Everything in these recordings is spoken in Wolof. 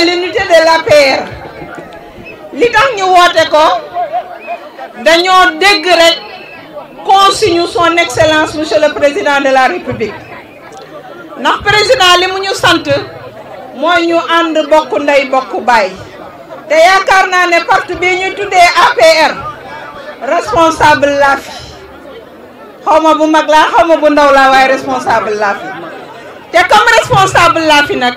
de l'unité de la paix li tax ñu woté ko dañu dégg rek consigne son excellence monsieur le président de la république Na président li mu ñu sante moy ñu and bokk nday bokk bay té yaakar na ne parti bi ñu tuddé APR responsable la fi xawma bu mag la xawma bu ndaw la way responsable la fi té comme responsable la fi nak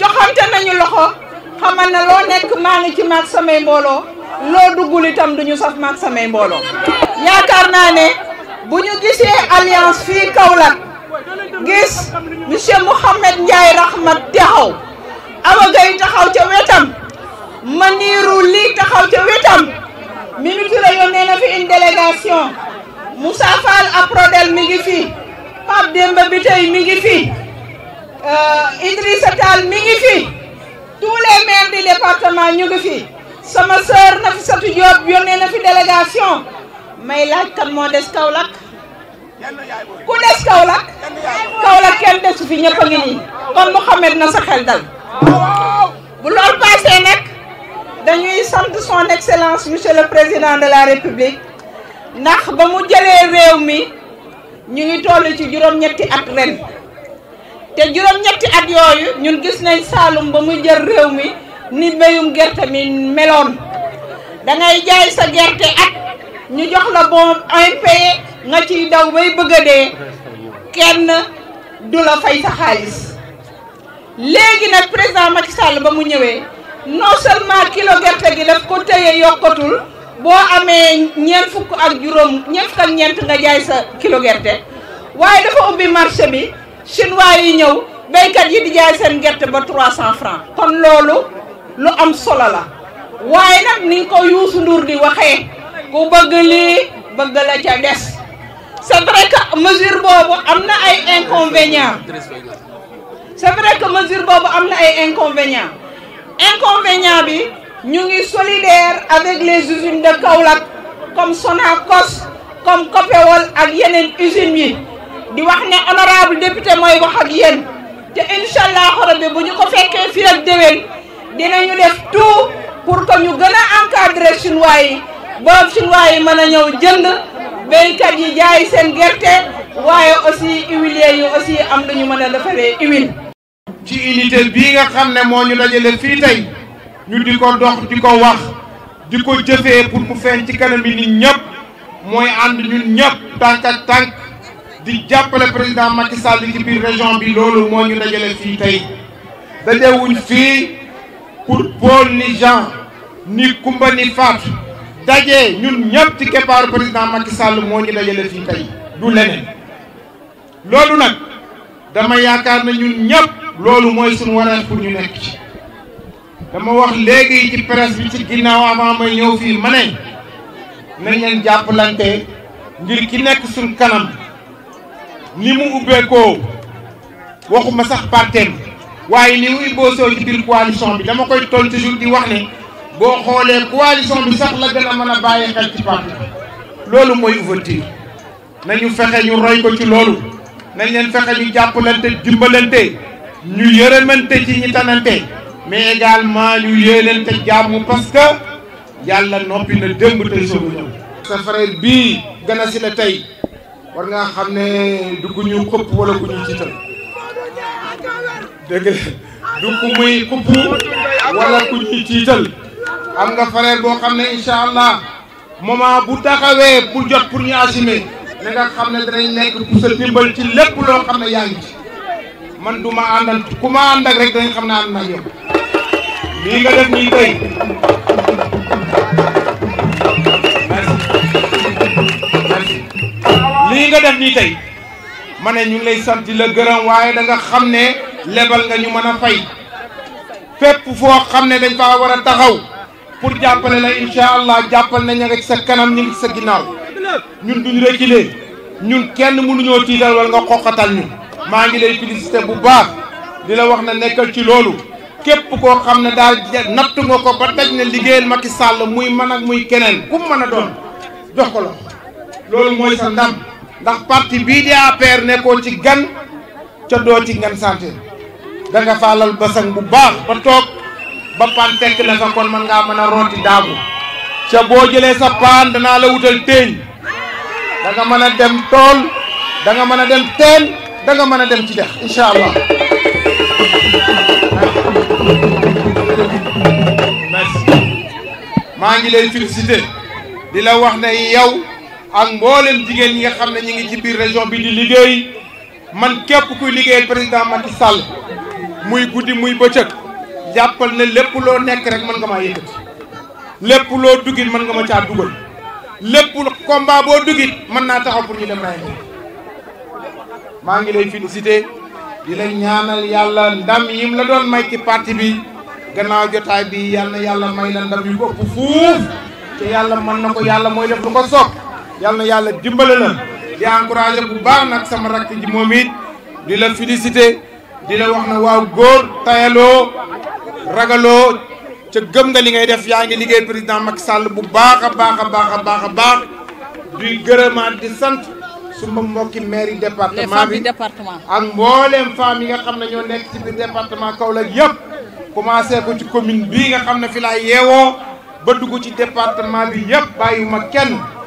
joxante nañu loxo xamal a loo nekk maa ngi ci maag samay mbooloo loo duggul itam duñu saf maag samay mbooloo yaakaar naa ne bu ñu gisee alliance fii Kaolack gis monsieur Mouhamed Ndiaye Rahmat taxaw Awa Gaye taxaw ca wetam Maniru lii taxaw ca wetam Mimi Touré yónnee na fi une délégation Moussa Fall Aprodel mi ngi fii Pape Demba bi mi ngi fii Euh, Idrissa Tall mi ngi fi tous les maires du département ñu ngi fi sama sœur Nafissatou Diop yone na fi délégation may laaj kan moo des Kaolack ku des Kaolack Kaolack kenn desu fi ñëpp a ngi nii kon Mouhamed na sa xel dal bu loolu passé nak dañuy sante son excellence monsieur le président de la république ndax ba mu jëlee réew mi ñu ngi tollu ci juroom ñetti at ren te juróom-ñetti at yooyu ñun gis nañ Saalum ba muy jël réew mi ni mbéyum gerte mi meloon dangay jaay sa gerte at ñu jox la bon impayé nga ciy daw bay bëgg a dee kenn du la fay sa xaalis léegi nag président Macky Sall ba mu ñëwee non seulement kilo gerte gi daf ko téye yokkatul boo amee ñeent fukk ak juróom ñeent fukk ñeent nga jaay sa kilo gerte waaye dafa ubbi marché bi chinois yi ñëw béykat yi di jaay seen gerte ba 300 francs kon loolu lu am solo la waaye nag ni ko Youssou Ndour di waxee ku bëgg lii bëgg la ca des c'est vrai que boobu am na ay inconvénients c'est vrai que mesure boobu am na ay inconvénients inconvénient bi ñu ngi solidaire avec les usines de Kaolack comme Sonacos comme Copéol ak yeneen usines yi di wax ne honorable député mooy wax ak yéen te incha allahu rabbi bu ñu ko fekkee fii ak déwén dinañu def tout pour que ñu gën a encadrer chinois yi boobu chinois yi mën a ñëw jënd béykat yi jaay seen gerte waaye aussi huiliers yi aussi am lu ñu mën a defaree huile. ci unité bii nga xam ne moo ñu dajale fii tey ñu di ko dox di ko wax di ko jëfee pour mu feeñ ci kanam yi nit ñëpp mooy ànd ñun ñëpp tànk tànk. di jàppale président Macky Sall ci biir région bi loolu moo ñu dajale fii tey dajewuñ fii pour Paul ni Jean ni Kumba ni Fatou dajee ñun ñëpp ci keppaaru président Macky Sall moo ñu dajale fii tey du leneen loolu nag dama yaakaar na ñun ñëpp loolu mooy suñu wareef pour ñu nekk ci dama wax léegi ci presse bi ci ginnaaw avant may ñëw fii ma ne nañ leen jàppalante ngir ki nekk suñ kanam ni mu ko waxuma sax partem waaye ni muy boosoo ci biir coalition bi dama koy toll toujours di wax ne boo xoolee coalition bi sax la gën a mën a bàyyi xel ci parti loolu mooy ouverture nañu fexe ñu roy ko ci loolu nañ leen fexe ñu jàppalante dimbalante ñu yërëmante ci ñi tanante mais ma ñu yéenante jàmm parce que yàlla noppi na démb tey soogu ñëw sa frère bii gën a si la tey war ngaa xam ne du ku ñu xëpp wala ku ñu jiital dégg du muy xëpp wala ku ñuy jiital am nga frère boo xam ne incha allah moment bu taxawee bu jot pour ñu assumer na nga xam ne danañ nekk pour sa dimbal ci lépp loo xam ne yaa ngi ci man du ma àndal ku ma ànd rek danañ xam ne ànd naa yow nga def nii tey nga def nii tey ma ne ñu ngi lay sant la gërëm waaye da nga xam ne lebal nga ñu mën a fay fépp foo xam ne dañ faa war a taxaw pour jàppale la incha allah jàppal na ña nga ci sa kanam ñu ngi ci sa ñun duñu reculer ñun kenn mënuñoo tiital wala nga xoqatal ñu maa ngi lay félicité bu baax di la wax na nekkal ci loolu képp koo xam ne daal natt nga ko ba daj ne liggéeyal ki Sall muy man ak muy keneen ku mën a doon jox ko la loolu mooy sa ndax parti bi di APR ko ci gan ca do ci ngan santé da nga falal basang bu baax ba tok ba pan tek la fa kon man nga mën roti rooti daagu ca boo jëlee sa paan danaa la wutal teeñ da nga mën dem tol da nga mën dem teen da nga mën dem ci def inshallah ma ngi lay féliciter di la wax ne yow ak mboolem jigéen ñi nga xam ne ñu ngi ci biir région bi di liggéey man képp kuy liggéeyal président Macky sal muy guddi muy bëccëg jàppal ne lépp loo nekk rek mën nga maa yëkkati lépp loo dugit mën nga ma caa dugal lépp combat boo dugit mën naa taxaw pour ñu dem raay maa ngi lay félicité di la ñaanal yàlla ndam yim la doon may ci parti bi gannaaw jotaay bi yàlla na yàlla may la ndam yu ko ëpp fuuf te yàlla mën na ko yàlla mooy def lu ko soob yal na yàlla dimbale la di encouragé bu baax nag sama rakk ji moom it di la félicité di la wax na waaw góor tayaloo ragaloo ca gëm nga li ngay def yaa ngi liggéey président Macky sàll bu baax a baax a baax a baax a baax di gërëmaat di sant suma mbokki maire yi département bi ak mbooleem femmes yi nga xam ne ñoo nekk ci biir kaw la yëpp commencé ko ci commune bii nga xam na fi laa yeewoo ba dugg ci département bi yëpp bàyyiwuma kenn